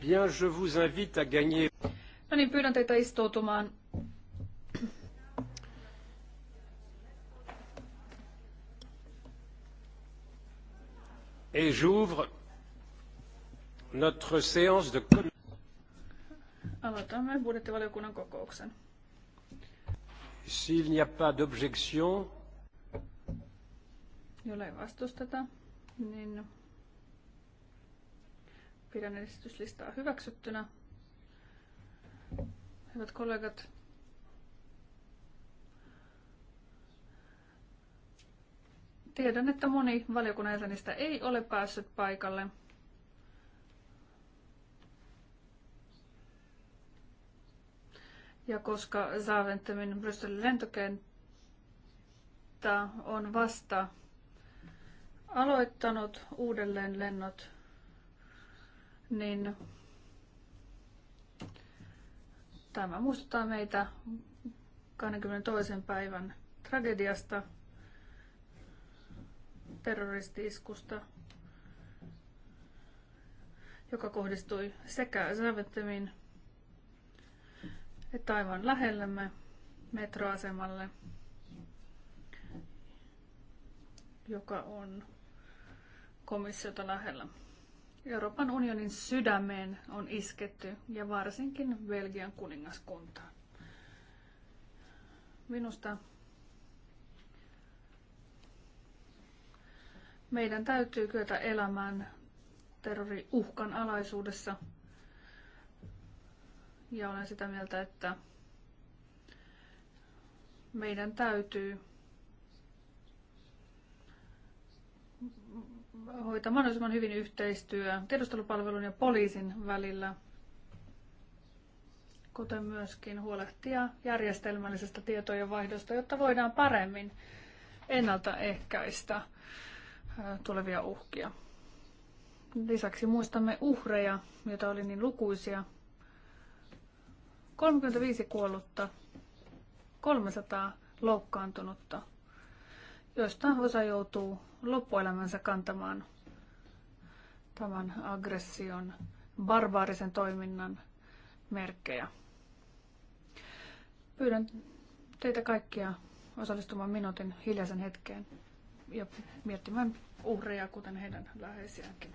Bien, je vous invite à gagner. No niin, pyydän teitä istoutumaan. Et j'ouvre notre séance de Aloitamme budjettivaliokunnan kokouksen. S'il n'y a pas d'objection, ei vastusteta, niin Pidän edistyslistaa hyväksyttynä. Hyvät kollegat, tiedän, että moni valiokunnan jäsenistä ei ole päässyt paikalle. Ja koska Saaventemin Brysselin lentokenttä on vasta aloittanut uudelleen lennot niin tämä muistuttaa meitä 22. päivän tragediasta, terroristi-iskusta, joka kohdistui sekä Sävettemiin että aivan lähellämme metroasemalle, joka on komissiota lähellä. Euroopan unionin sydämeen on isketty ja varsinkin Belgian kuningaskuntaan. Minusta meidän täytyy kyetä elämään terroriuhkan alaisuudessa. Ja olen sitä mieltä, että meidän täytyy hoitaa mahdollisimman hyvin yhteistyö tiedustelupalvelun ja poliisin välillä, kuten myöskin huolehtia järjestelmällisestä tietojen vaihdosta, jotta voidaan paremmin ennaltaehkäistä tulevia uhkia. Lisäksi muistamme uhreja, joita oli niin lukuisia. 35 kuollutta, 300 loukkaantunutta joista osa joutuu loppuelämänsä kantamaan tämän aggression, barbaarisen toiminnan merkkejä. Pyydän teitä kaikkia osallistumaan minuutin hiljaisen hetkeen ja miettimään uhreja, kuten heidän läheisiäänkin.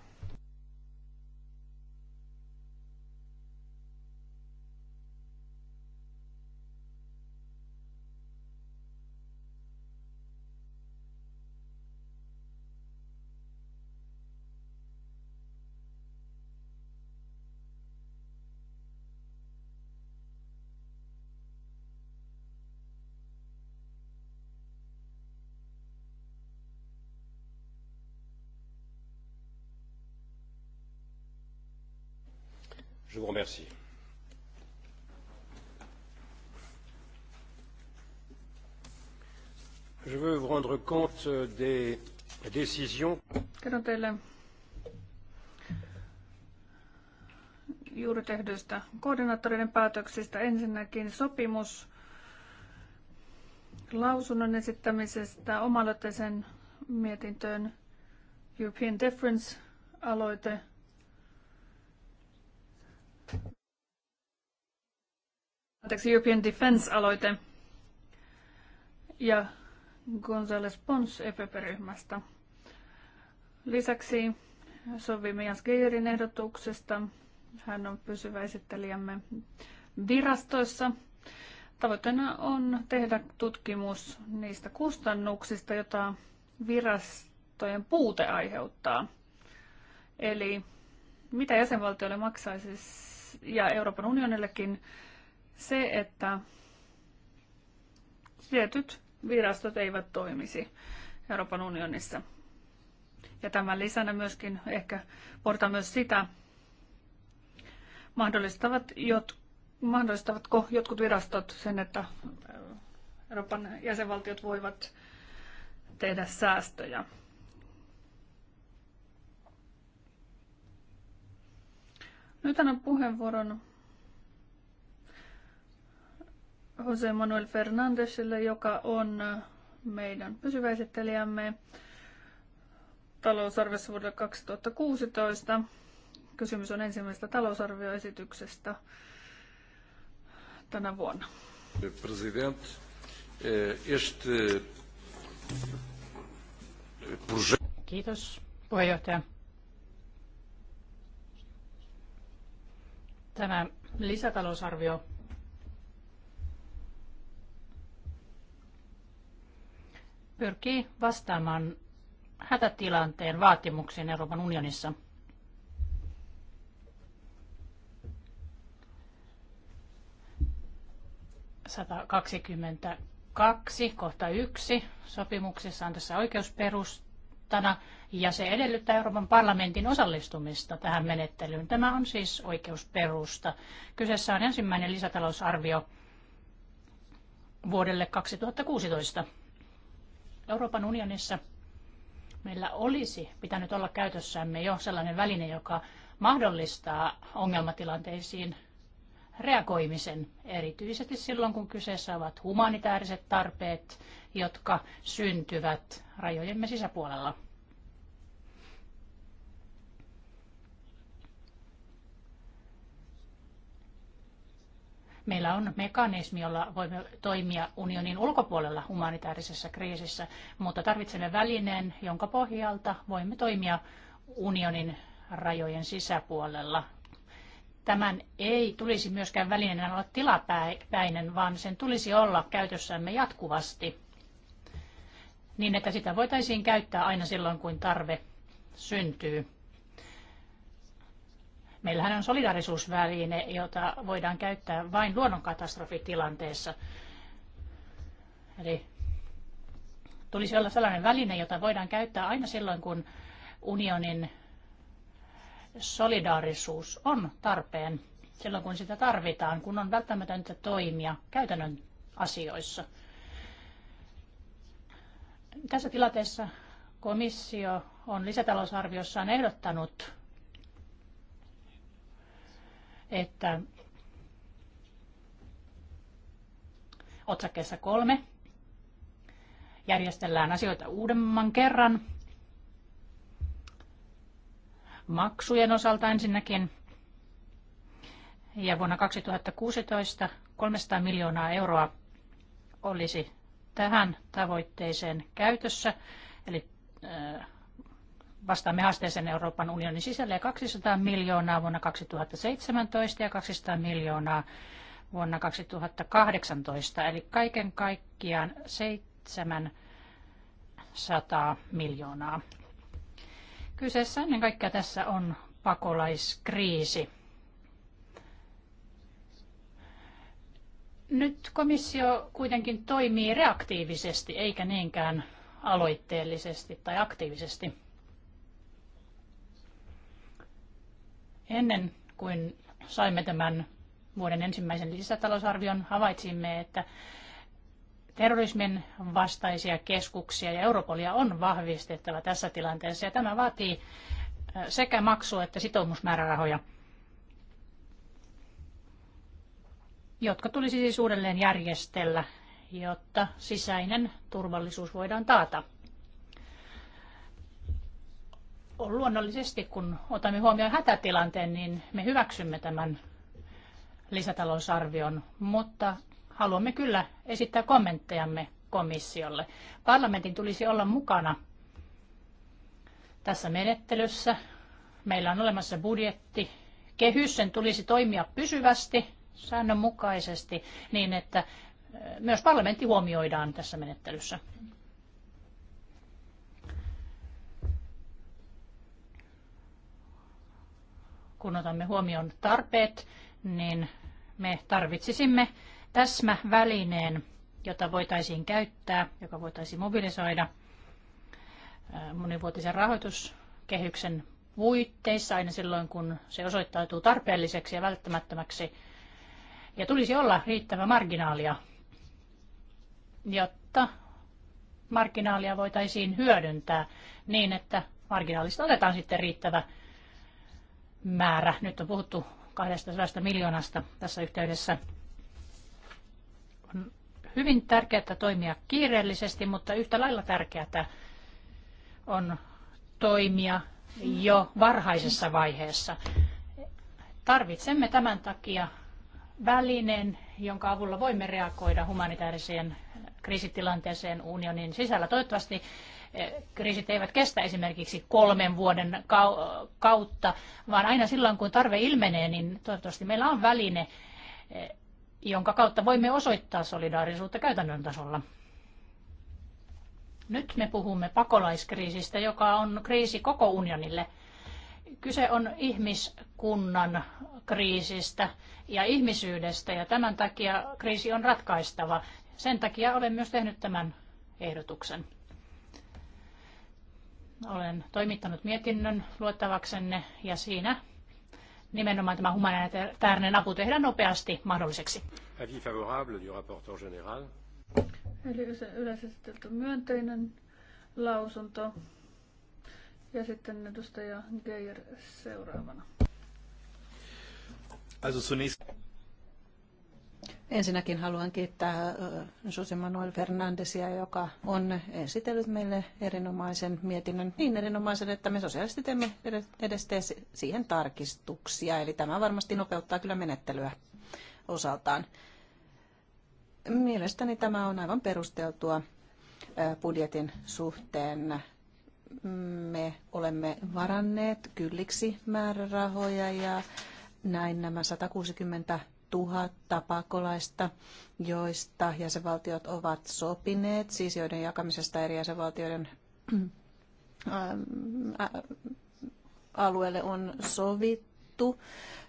Je vous remercie. Je veux vous rendre compte des décisions. Kerron teille juuri tehdyistä koordinaattoreiden päätöksistä. Ensinnäkin sopimus lausunnon esittämisestä omaloitteisen mietintöön European Deference aloite anteeksi, European Defense-aloite ja Gonzales Pons EPP-ryhmästä. Lisäksi sovimme Jans Geirin ehdotuksesta. Hän on pysyvä esittelijämme virastoissa. Tavoitteena on tehdä tutkimus niistä kustannuksista, joita virastojen puute aiheuttaa. Eli mitä jäsenvaltioille maksaisi ja Euroopan unionillekin se, että tietyt virastot eivät toimisi Euroopan unionissa. Ja tämän lisänä myöskin ehkä porta myös sitä, mahdollistavat jot, mahdollistavatko jotkut virastot sen, että äh, Euroopan jäsenvaltiot voivat tehdä säästöjä. Nyt annan puheenvuoron Jose Manuel Fernandesille, joka on meidän pysyväesittelijämme talousarviossa vuodelle 2016. Kysymys on ensimmäisestä talousarvioesityksestä tänä vuonna. President, eh, este Kiitos puheenjohtaja. Tämä lisätalousarvio pyrkii vastaamaan hätätilanteen vaatimuksiin Euroopan unionissa. kaksi kohta 1 sopimuksessa on tässä oikeusperustana ja se edellyttää Euroopan parlamentin osallistumista tähän menettelyyn. Tämä on siis oikeusperusta. Kyseessä on ensimmäinen lisätalousarvio vuodelle 2016. Euroopan unionissa meillä olisi pitänyt olla käytössämme jo sellainen väline, joka mahdollistaa ongelmatilanteisiin reagoimisen, erityisesti silloin kun kyseessä ovat humanitaariset tarpeet, jotka syntyvät rajojemme sisäpuolella. meillä on mekanismi, jolla voimme toimia unionin ulkopuolella humanitaarisessa kriisissä, mutta tarvitsemme välineen, jonka pohjalta voimme toimia unionin rajojen sisäpuolella. Tämän ei tulisi myöskään välineenä olla tilapäinen, vaan sen tulisi olla käytössämme jatkuvasti niin, että sitä voitaisiin käyttää aina silloin, kun tarve syntyy. Meillähän on solidarisuusväline, jota voidaan käyttää vain luonnonkatastrofitilanteessa. Eli tulisi olla sellainen väline, jota voidaan käyttää aina silloin, kun unionin solidaarisuus on tarpeen, silloin kun sitä tarvitaan, kun on välttämätöntä toimia käytännön asioissa. Tässä tilanteessa komissio on lisätalousarviossaan ehdottanut että otsakkeessa kolme järjestellään asioita uudemman kerran. Maksujen osalta ensinnäkin. Ja vuonna 2016 300 miljoonaa euroa olisi tähän tavoitteeseen käytössä. Eli äh, vastaamme haasteeseen Euroopan unionin sisällä ja 200 miljoonaa vuonna 2017 ja 200 miljoonaa vuonna 2018, eli kaiken kaikkiaan 700 miljoonaa. Kyseessä ennen kaikkea tässä on pakolaiskriisi. Nyt komissio kuitenkin toimii reaktiivisesti eikä niinkään aloitteellisesti tai aktiivisesti. Ennen kuin saimme tämän vuoden ensimmäisen lisätalousarvion, havaitsimme, että terrorismin vastaisia keskuksia ja Europolia on vahvistettava tässä tilanteessa ja tämä vaatii sekä maksu- että sitoumusmäärärahoja, jotka tulisi siis uudelleen järjestellä, jotta sisäinen turvallisuus voidaan taata luonnollisesti, kun otamme huomioon hätätilanteen, niin me hyväksymme tämän lisätalousarvion, mutta haluamme kyllä esittää kommenttejamme komissiolle. Parlamentin tulisi olla mukana tässä menettelyssä. Meillä on olemassa budjetti. Kehys sen tulisi toimia pysyvästi, säännönmukaisesti, niin että myös parlamentti huomioidaan tässä menettelyssä. kun otamme huomioon tarpeet, niin me tarvitsisimme täsmävälineen, jota voitaisiin käyttää, joka voitaisiin mobilisoida monivuotisen rahoituskehyksen puitteissa aina silloin, kun se osoittautuu tarpeelliseksi ja välttämättömäksi. Ja tulisi olla riittävä marginaalia, jotta marginaalia voitaisiin hyödyntää niin, että marginaalista otetaan sitten riittävä määrä. Nyt on puhuttu 200 miljoonasta tässä yhteydessä. On hyvin tärkeää toimia kiireellisesti, mutta yhtä lailla tärkeää on toimia jo varhaisessa vaiheessa. Tarvitsemme tämän takia välineen, jonka avulla voimme reagoida humanitaariseen kriisitilanteeseen unionin sisällä. Toivottavasti kriisit eivät kestä esimerkiksi kolmen vuoden kautta, vaan aina silloin kun tarve ilmenee, niin toivottavasti meillä on väline, eh, jonka kautta voimme osoittaa solidaarisuutta käytännön tasolla. Nyt me puhumme pakolaiskriisistä, joka on kriisi koko unionille. Kyse on ihmiskunnan kriisistä ja ihmisyydestä ja tämän takia kriisi on ratkaistava. Sen takia olen myös tehnyt tämän ehdotuksen. Olen toimittanut mietinnön luettavaksenne ja siinä nimenomaan tämä humanitaarinen apu tehdään nopeasti mahdolliseksi. Avis favorable du rapporteur général. Eli yleisesti myönteinen lausunto. Ja sitten edustaja Geijer seuraavana. Also zunächst Ensinnäkin haluan kiittää Jose Manuel Fernandesia, joka on esitellyt meille erinomaisen mietinnön, niin erinomaisen, että me sosiaalisesti teemme edes tee siihen tarkistuksia. Eli tämä varmasti nopeuttaa kyllä menettelyä osaltaan. Mielestäni tämä on aivan perusteltua budjetin suhteen. Me olemme varanneet kylliksi määrärahoja ja näin nämä 160 tuhatta pakolaista, joista jäsenvaltiot ovat sopineet, siis joiden jakamisesta eri jäsenvaltioiden ähm, alueelle on sovittu.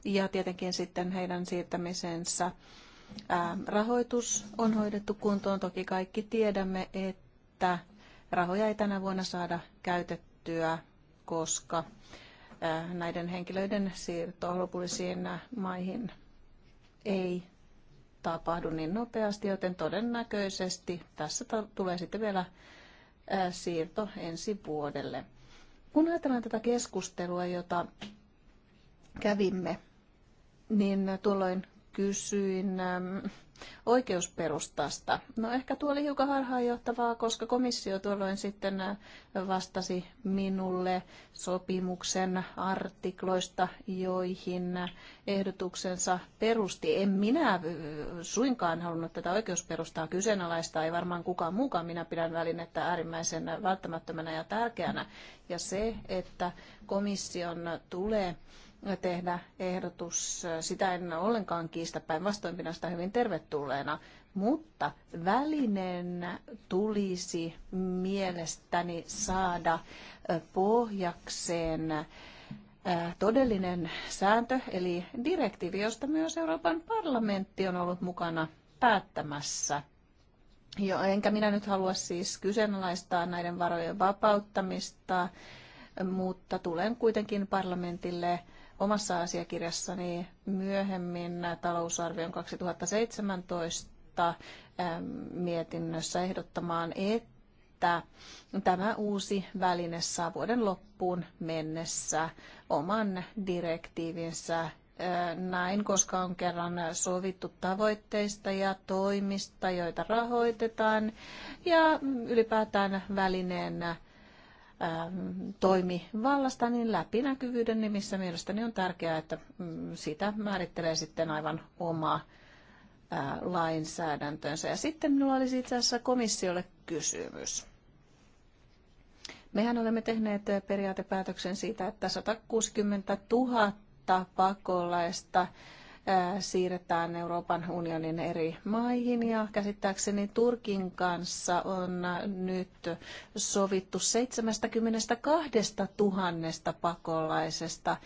Ja tietenkin sitten heidän siirtämisensä ähm, rahoitus on hoidettu kuntoon. Toki kaikki tiedämme, että rahoja ei tänä vuonna saada käytettyä, koska äh, näiden henkilöiden siirto lopullisiin äh, maihin ei tapahdu niin nopeasti, joten todennäköisesti tässä tulee sitten vielä siirto ensi vuodelle. Kun ajatellaan tätä keskustelua, jota kävimme, niin tuolloin kysyin oikeusperustasta. No ehkä tuo oli hiukan harhaanjohtavaa, koska komissio tuolloin sitten äh, vastasi minulle sopimuksen artikloista, joihin ehdotuksensa perusti. En minä äh, suinkaan halunnut tätä oikeusperustaa kyseenalaistaa, ei varmaan kukaan muukaan. Minä pidän välinettä äärimmäisen välttämättömänä ja tärkeänä. Ja se, että komission tulee tehdä ehdotus. Sitä en ollenkaan kiistä päinvastoin pidän sitä hyvin tervetulleena, mutta välinen tulisi mielestäni saada pohjakseen todellinen sääntö, eli direktiivi, josta myös Euroopan parlamentti on ollut mukana päättämässä. Jo, enkä minä nyt halua siis kyseenalaistaa näiden varojen vapauttamista, mutta tulen kuitenkin parlamentille omassa asiakirjassani myöhemmin talousarvion 2017 mietinnössä ehdottamaan, että tämä uusi väline saa vuoden loppuun mennessä oman direktiivinsä näin, koska on kerran sovittu tavoitteista ja toimista, joita rahoitetaan, ja ylipäätään välineen Ähm, toimivallasta, niin läpinäkyvyyden nimissä mielestäni on tärkeää, että mm, sitä määrittelee sitten aivan oma äh, lainsäädäntönsä. Ja sitten minulla olisi itse asiassa komissiolle kysymys. Mehän olemme tehneet äh, periaatepäätöksen siitä, että 160 000 pakolaista siirretään Euroopan unionin eri maihin ja käsittääkseni Turkin kanssa on nyt sovittu 72 000 pakolaisesta.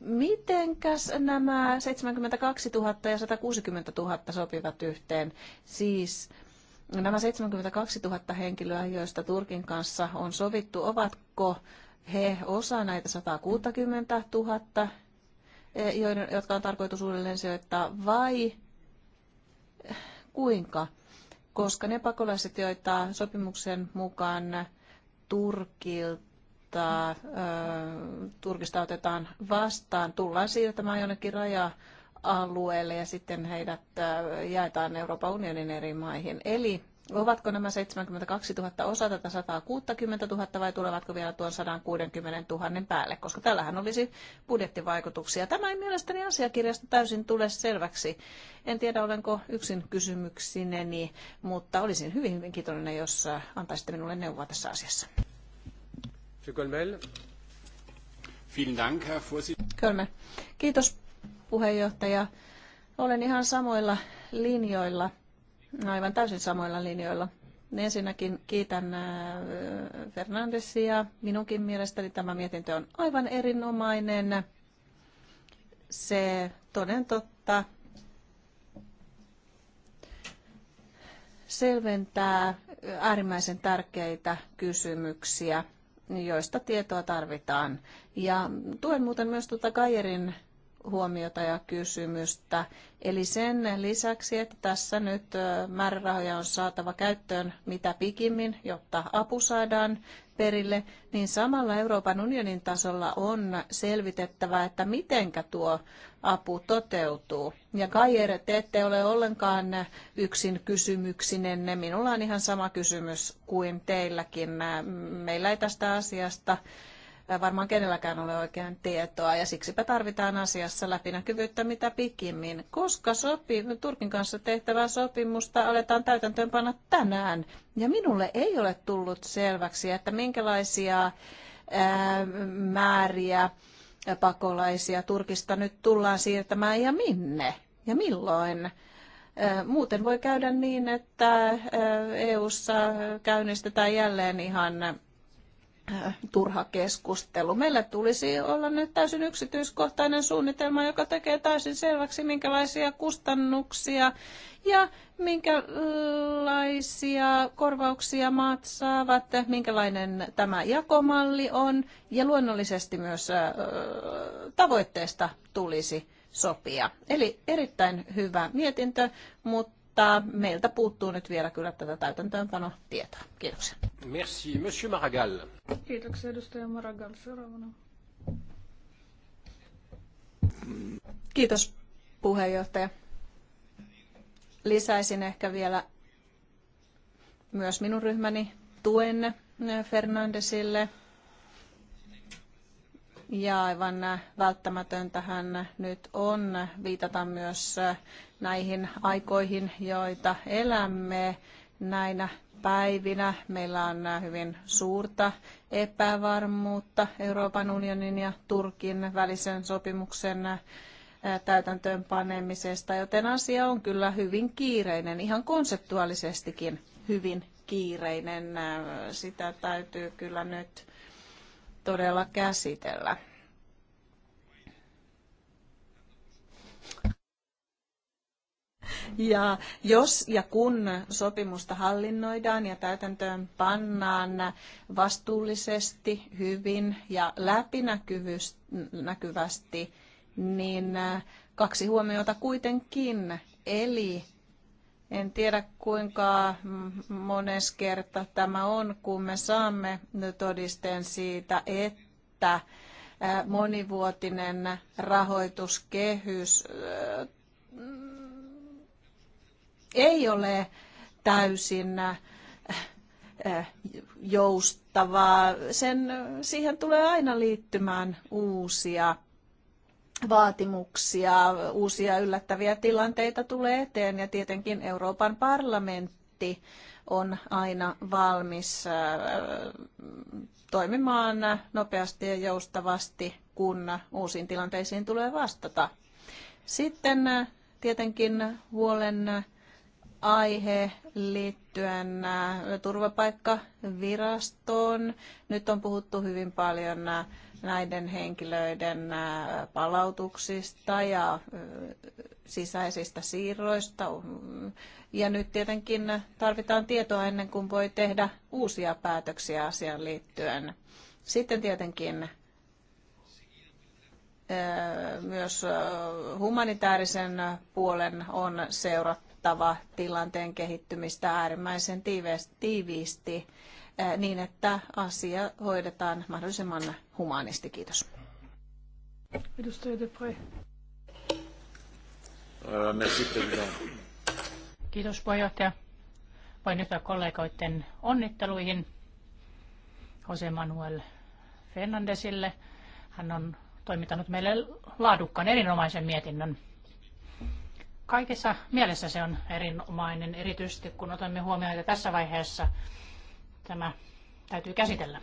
Mitenkäs nämä 72 000 ja 160 000 sopivat yhteen? Siis nämä 72 000 henkilöä, joista Turkin kanssa on sovittu, ovatko he osa näitä 160 000 E, joiden, jotka on tarkoitus uudelleen sijoittaa, vai kuinka? Koska ne pakolaiset, joita sopimuksen mukaan Turkilta, ö, Turkista otetaan vastaan, tullaan siirtämään jonnekin raja alueelle ja sitten heidät jaetaan Euroopan unionin eri maihin. Eli Ovatko nämä 72 000 osa tätä 160 000 vai tulevatko vielä tuon 160 000 päälle, koska tällähän olisi budjettivaikutuksia. Tämä ei mielestäni asiakirjasta täysin tule selväksi. En tiedä, olenko yksin kysymyksineni, mutta olisin hyvin, hyvin kiitollinen, jos äh, antaisitte minulle neuvoa tässä asiassa. Kölmel. Kiitos puheenjohtaja. Olen ihan samoilla linjoilla aivan täysin samoilla linjoilla. Ensinnäkin kiitän äh, Fernandesia. Minunkin mielestäni tämä mietintö on aivan erinomainen. Se toden totta selventää äärimmäisen tärkeitä kysymyksiä, joista tietoa tarvitaan. Ja tuen muuten myös tuota Kajerin huomiota ja kysymystä. Eli sen lisäksi, että tässä nyt määrärahoja on saatava käyttöön mitä pikimmin, jotta apu saadaan perille, niin samalla Euroopan unionin tasolla on selvitettävä, että mitenkä tuo apu toteutuu. Ja Kajer, te ette ole ollenkaan yksin kysymyksinenne. Minulla on ihan sama kysymys kuin teilläkin. Meillä ei tästä asiasta varmaan kenelläkään ole oikein tietoa ja siksipä tarvitaan asiassa läpinäkyvyyttä mitä pikimmin, koska sopii? Turkin kanssa tehtävää sopimusta aletaan panna tänään. Ja minulle ei ole tullut selväksi, että minkälaisia ää, määriä pakolaisia Turkista nyt tullaan siirtämään ja minne ja milloin. Muuten voi käydä niin, että EU:ssa käynnistetään jälleen ihan turha keskustelu. Meillä tulisi olla nyt täysin yksityiskohtainen suunnitelma, joka tekee täysin selväksi, minkälaisia kustannuksia ja minkälaisia korvauksia maat saavat, minkälainen tämä jakomalli on ja luonnollisesti myös tavoitteesta tulisi sopia. Eli erittäin hyvä mietintö, mutta mutta meiltä puuttuu nyt vielä kyllä tätä täytäntöönpano tietoa. Kiitoksia. Merci, Monsieur Maragall. Kiitoksia, edustaja Maragall. Seuraavana. Kiitos, puheenjohtaja. Lisäisin ehkä vielä myös minun ryhmäni tuen Fernandesille ja aivan äh, välttämätöntähän nyt on viitata myös äh, näihin aikoihin, joita elämme näinä päivinä. Meillä on äh, hyvin suurta epävarmuutta Euroopan unionin ja Turkin välisen sopimuksen täytäntöönpanemisesta, joten asia on kyllä hyvin kiireinen, ihan konseptuaalisestikin hyvin kiireinen. Sitä täytyy kyllä nyt todella käsitellä. Ja jos ja kun sopimusta hallinnoidaan ja täytäntöön pannaan vastuullisesti, hyvin ja läpinäkyvästi, niin äh, kaksi huomiota kuitenkin. Eli en tiedä kuinka mones kerta tämä on, kun me saamme todisteen siitä, että monivuotinen rahoituskehys ei ole täysin joustavaa. Sen, siihen tulee aina liittymään uusia vaatimuksia, uusia yllättäviä tilanteita tulee eteen ja tietenkin Euroopan parlamentti on aina valmis äh, toimimaan nopeasti ja joustavasti, kun uusiin tilanteisiin tulee vastata. Sitten äh, tietenkin huolen aihe liittyen äh, turvapaikkavirastoon. Nyt on puhuttu hyvin paljon näiden henkilöiden äh, palautuksista ja äh, sisäisistä siirroista. Ja nyt tietenkin tarvitaan tietoa ennen kuin voi tehdä uusia päätöksiä asiaan liittyen. Sitten tietenkin äh, myös humanitaarisen puolen on seurattava tilanteen kehittymistä äärimmäisen tiiviisti Äh, niin, että asia hoidetaan mahdollisimman humaanisti. Kiitos. Edustaja Depre. Äh, Kiitos puheenjohtaja. Voin yhtyä kollegoiden onnitteluihin Jose Manuel Fernandesille. Hän on toimittanut meille laadukkaan erinomaisen mietinnön. Kaikessa mielessä se on erinomainen, erityisesti kun otamme huomioon, että tässä vaiheessa tämä täytyy käsitellä.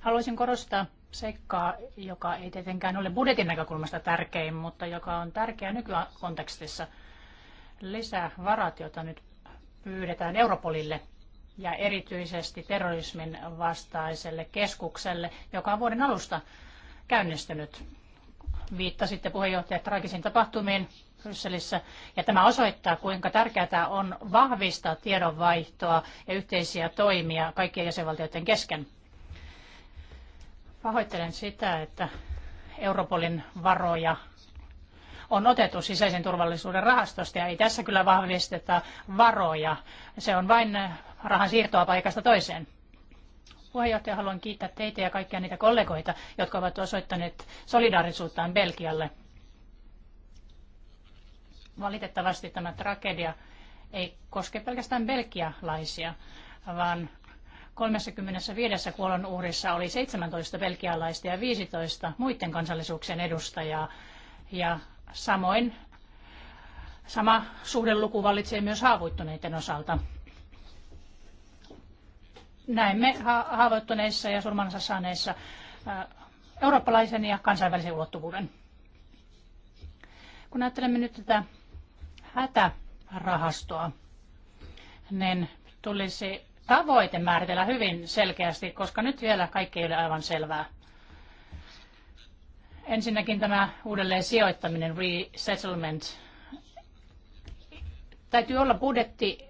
Haluaisin korostaa seikkaa, joka ei tietenkään ole budjetin näkökulmasta tärkein, mutta joka on tärkeä nykykontekstissa. Lisää varat, joita nyt pyydetään Europolille ja erityisesti terrorismin vastaiselle keskukselle, joka on vuoden alusta käynnistynyt. Viittasitte puheenjohtaja Tragisin tapahtumiin Brysselissä. Ja tämä osoittaa, kuinka tärkeää on vahvistaa tiedonvaihtoa ja yhteisiä toimia kaikkien jäsenvaltioiden kesken. Pahoittelen sitä, että Europolin varoja on otettu sisäisen turvallisuuden rahastosta ja ei tässä kyllä vahvisteta varoja. Se on vain rahan siirtoa paikasta toiseen. Puheenjohtaja, haluan kiittää teitä ja kaikkia niitä kollegoita, jotka ovat osoittaneet solidaarisuuttaan Belgialle valitettavasti tämä tragedia ei koske pelkästään belgialaisia, vaan 35 kuolon uhrissa oli 17 belgialaista ja 15 muiden kansallisuuksien edustajaa. Ja samoin sama suhdeluku vallitsee myös haavoittuneiden osalta. Näemme haavoittuneissa ja surmansa saaneissa äh, eurooppalaisen ja kansainvälisen ulottuvuuden. Kun ajattelemme nyt tätä hätärahastoa, niin tulisi tavoite määritellä hyvin selkeästi, koska nyt vielä kaikki ei ole aivan selvää. Ensinnäkin tämä uudelleen sijoittaminen, resettlement, täytyy olla budjetti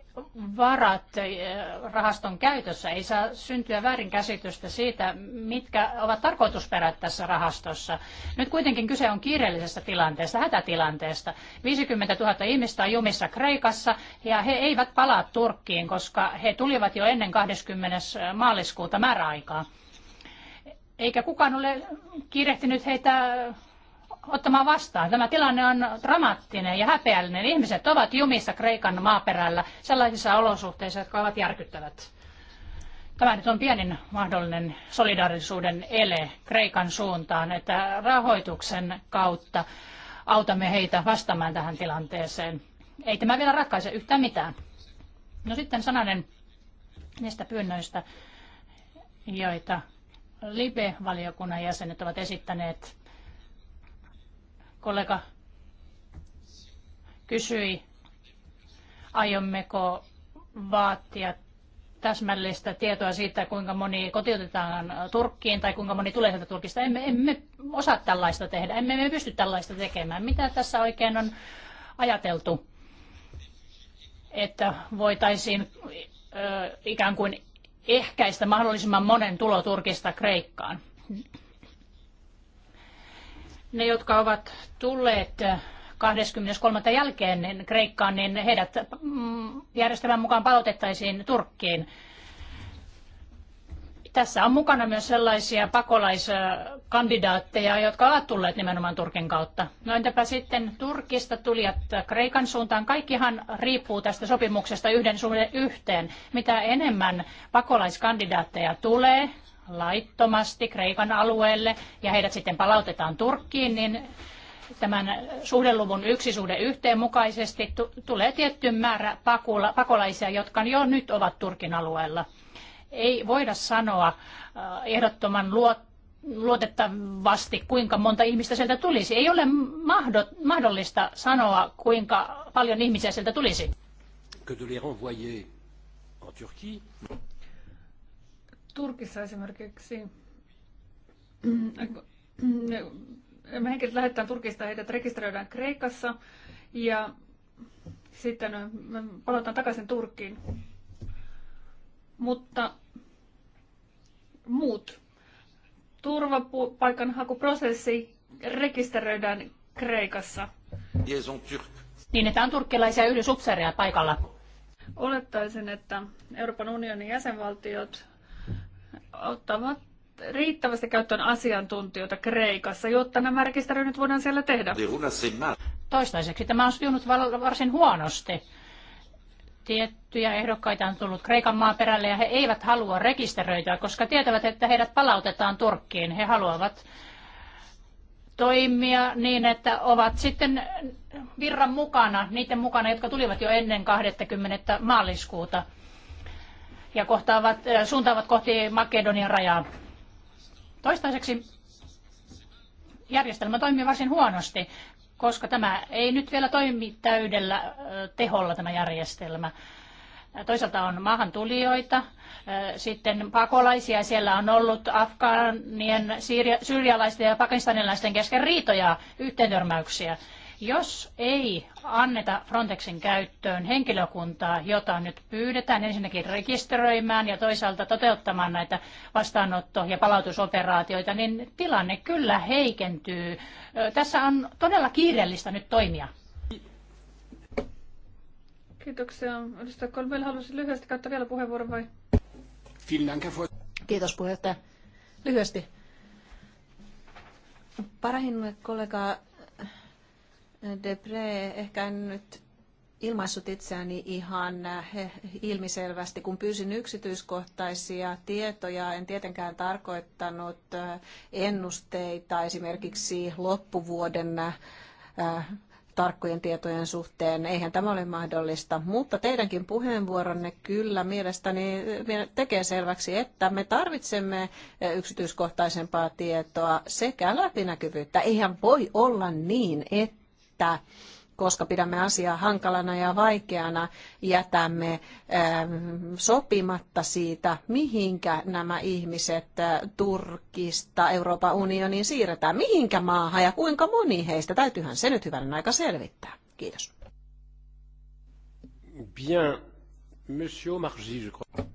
varat eh, rahaston käytössä. Ei saa syntyä väärinkäsitystä siitä, mitkä ovat tarkoitusperät tässä rahastossa. Nyt kuitenkin kyse on kiireellisestä tilanteesta, hätätilanteesta. 50 000 ihmistä on jumissa Kreikassa ja he eivät palaa Turkkiin, koska he tulivat jo ennen 20. maaliskuuta määräaikaa. Eikä kukaan ole kiirehtinyt heitä ottamaan vastaan. Tämä tilanne on dramaattinen ja häpeällinen. Ihmiset ovat jumissa Kreikan maaperällä sellaisissa olosuhteissa, jotka ovat järkyttävät. Tämä nyt on pienin mahdollinen solidaarisuuden ele Kreikan suuntaan, että rahoituksen kautta autamme heitä vastaamaan tähän tilanteeseen. Ei tämä vielä ratkaise yhtään mitään. No sitten sananen niistä pyynnöistä, joita Libe-valiokunnan jäsenet ovat esittäneet kollega kysyi, aiommeko vaatia täsmällistä tietoa siitä, kuinka moni kotiutetaan Turkkiin tai kuinka moni tulee sieltä Turkista. Emme, emme osaa tällaista tehdä, emme emme pysty tällaista tekemään. Mitä tässä oikein on ajateltu, että voitaisiin ö, ikään kuin ehkäistä mahdollisimman monen tulo Turkista Kreikkaan? Ne, jotka ovat tulleet 23. Eh, jälkeen niin Kreikkaan, niin heidät mm, järjestelmän mukaan palautettaisiin Turkkiin. Tässä on mukana myös sellaisia pakolaiskandidaatteja, jotka ovat tulleet nimenomaan Turkin kautta. No entäpä sitten Turkista tulijat Kreikan suuntaan? Kaikkihan riippuu tästä sopimuksesta yhden suhde yhteen. Mitä enemmän pakolaiskandidaatteja tulee, laittomasti Kreikan alueelle ja heidät sitten palautetaan Turkkiin, niin tämän suhdeluvun yksi suhde yhteen mukaisesti tulee tietty määrä pakolaisia, jotka jo nyt ovat Turkin alueella. Ei voida sanoa äh, ehdottoman luotettavasti, kuinka monta ihmistä sieltä tulisi. Ei ole mahdollista sanoa, kuinka paljon ihmisiä sieltä tulisi. Turkissa esimerkiksi me henkilöt lähetetään Turkista, heidät rekisteröidään Kreikassa ja sitten me palataan takaisin Turkkiin. Mutta muut. Turvapaikanhakuprosessi rekisteröidään Kreikassa. Niin, että on turkkilaisia yhdysupseereja paikalla. Olettaisin, että Euroopan unionin jäsenvaltiot ottavat riittävästi käyttöön asiantuntijoita Kreikassa, jotta nämä rekisteröinnit voidaan siellä tehdä. Toistaiseksi tämä on sujunut varsin huonosti. Tiettyjä ehdokkaita on tullut Kreikan maaperälle ja he eivät halua rekisteröityä, koska tietävät, että heidät palautetaan Turkkiin. He haluavat toimia niin, että ovat sitten virran mukana, niiden mukana, jotka tulivat jo ennen 20. maaliskuuta – ja kohtaavat, äh, suuntaavat kohti Makedonian rajaa. Toistaiseksi järjestelmä toimii varsin huonosti, koska tämä ei nyt vielä toimi täydellä äh, teholla tämä järjestelmä. Äh, toisaalta on maahantulijoita, sitten pakolaisia. Siellä on ollut afgaanien, syyrialaisten ja pakistanilaisten kesken riitoja, yhteentörmäyksiä. Jos ei anneta Frontexin käyttöön henkilökuntaa, jota nyt pyydetään ensinnäkin rekisteröimään ja toisaalta toteuttamaan näitä vastaanotto- ja palautusoperaatioita, niin tilanne kyllä heikentyy. Tässä on todella kiireellistä nyt toimia. Kiitoksia. Edustaja Kolmel halusi lyhyesti käyttää vielä puheenvuoron vai? Kiitos puheenjohtaja. Lyhyesti. Parahin kollega Depre, ehkä en nyt ilmaissut itseäni ihan eh, ilmiselvästi, kun pyysin yksityiskohtaisia tietoja. En tietenkään tarkoittanut eh, ennusteita esimerkiksi loppuvuoden eh, tarkkojen tietojen suhteen. Eihän tämä ole mahdollista, mutta teidänkin puheenvuoronne kyllä mielestäni tekee selväksi, että me tarvitsemme yksityiskohtaisempaa tietoa sekä läpinäkyvyyttä. Eihän voi olla niin, että että koska pidämme asiaa hankalana ja vaikeana, jätämme ähm, sopimatta siitä, mihinkä nämä ihmiset äh, Turkista Euroopan unioniin siirretään, mihinkä maahan ja kuinka moni heistä. Täytyyhän se nyt hyvän aika selvittää. Kiitos. Bien. Monsieur Omarji, je crois.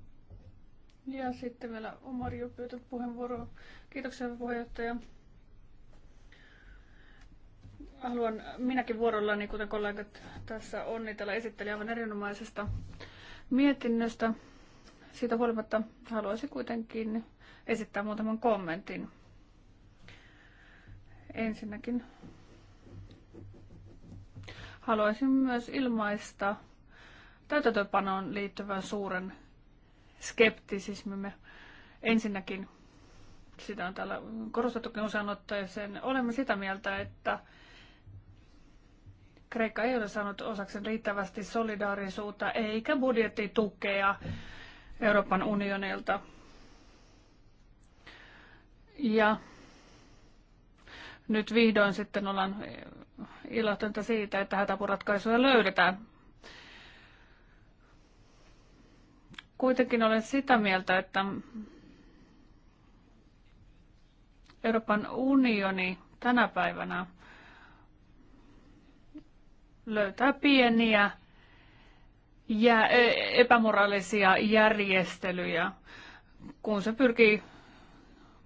Ja sitten vielä Omar jo pyytää Kiitoksia puheenjohtaja haluan minäkin vuorollani, kuten kollegat tässä onnitella esittelijä aivan erinomaisesta mietinnöstä. Siitä huolimatta haluaisin kuitenkin esittää muutaman kommentin. Ensinnäkin haluaisin myös ilmaista täytäntöpanoon liittyvän suuren skeptisismimme. Ensinnäkin, sitä on täällä korostettukin usein sen olemme sitä mieltä, että Kreikka ei ole saanut osakseen riittävästi solidaarisuutta eikä budjettitukea Euroopan unionilta. Ja nyt vihdoin sitten ollaan ilahtunutta siitä, että hätäpuratkaisuja löydetään. Kuitenkin olen sitä mieltä, että Euroopan unioni tänä päivänä löytää pieniä ja e, epämoraalisia järjestelyjä, kun se pyrkii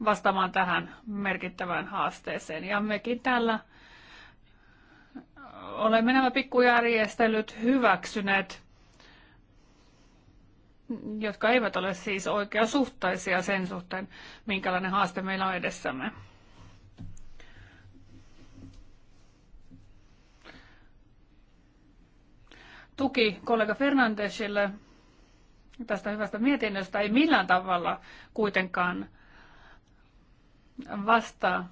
vastaamaan tähän merkittävään haasteeseen. Ja mekin täällä olemme nämä pikkujärjestelyt hyväksyneet, jotka eivät ole siis oikeasuhtaisia sen suhteen, minkälainen haaste meillä on edessämme. tuki kollega Fernandesille tästä hyvästä mietinnöstä ei millään tavalla kuitenkaan vastaa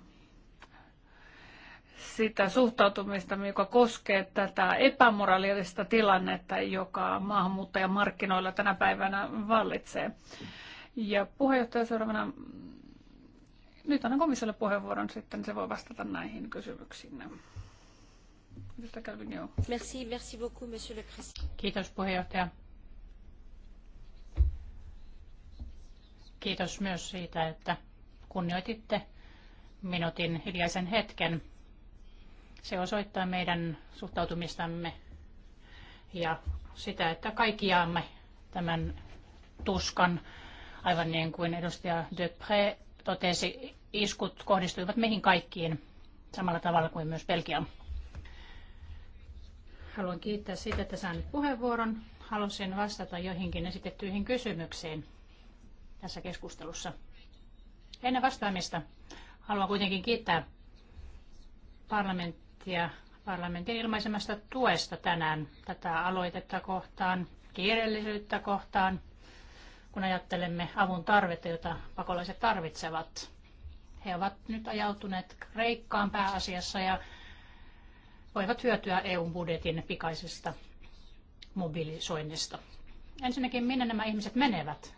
sitä suhtautumista, joka koskee tätä epämoraalista tilannetta, joka maahanmuuttajamarkkinoilla tänä päivänä vallitsee. Ja puheenjohtaja seuraavana, nyt annan komissiolle puheenvuoron, sitten se voi vastata näihin kysymyksiin. Merci, merci beaucoup, monsieur le président. Kiitos puheenjohtaja. Kiitos myös siitä, että kunnioititte minuutin hiljaisen hetken. Se osoittaa meidän suhtautumistamme ja sitä, että kaikki jaamme tämän tuskan, aivan niin kuin edustaja Depre totesi, iskut kohdistuivat meihin kaikkiin samalla tavalla kuin myös Belgiaan. Haluan kiittää siitä, että saan nyt puheenvuoron. Halusin vastata joihinkin esitettyihin kysymyksiin tässä keskustelussa. Ennen vastaamista haluan kuitenkin kiittää parlamenttia parlamentin ilmaisemasta tuesta tänään tätä aloitetta kohtaan, kiireellisyyttä kohtaan, kun ajattelemme avun tarvetta, jota pakolaiset tarvitsevat. He ovat nyt ajautuneet Kreikkaan pääasiassa ja voivat hyötyä EU-budjetin pikaisesta mobilisoinnista. Ensinnäkin, minne nämä ihmiset menevät?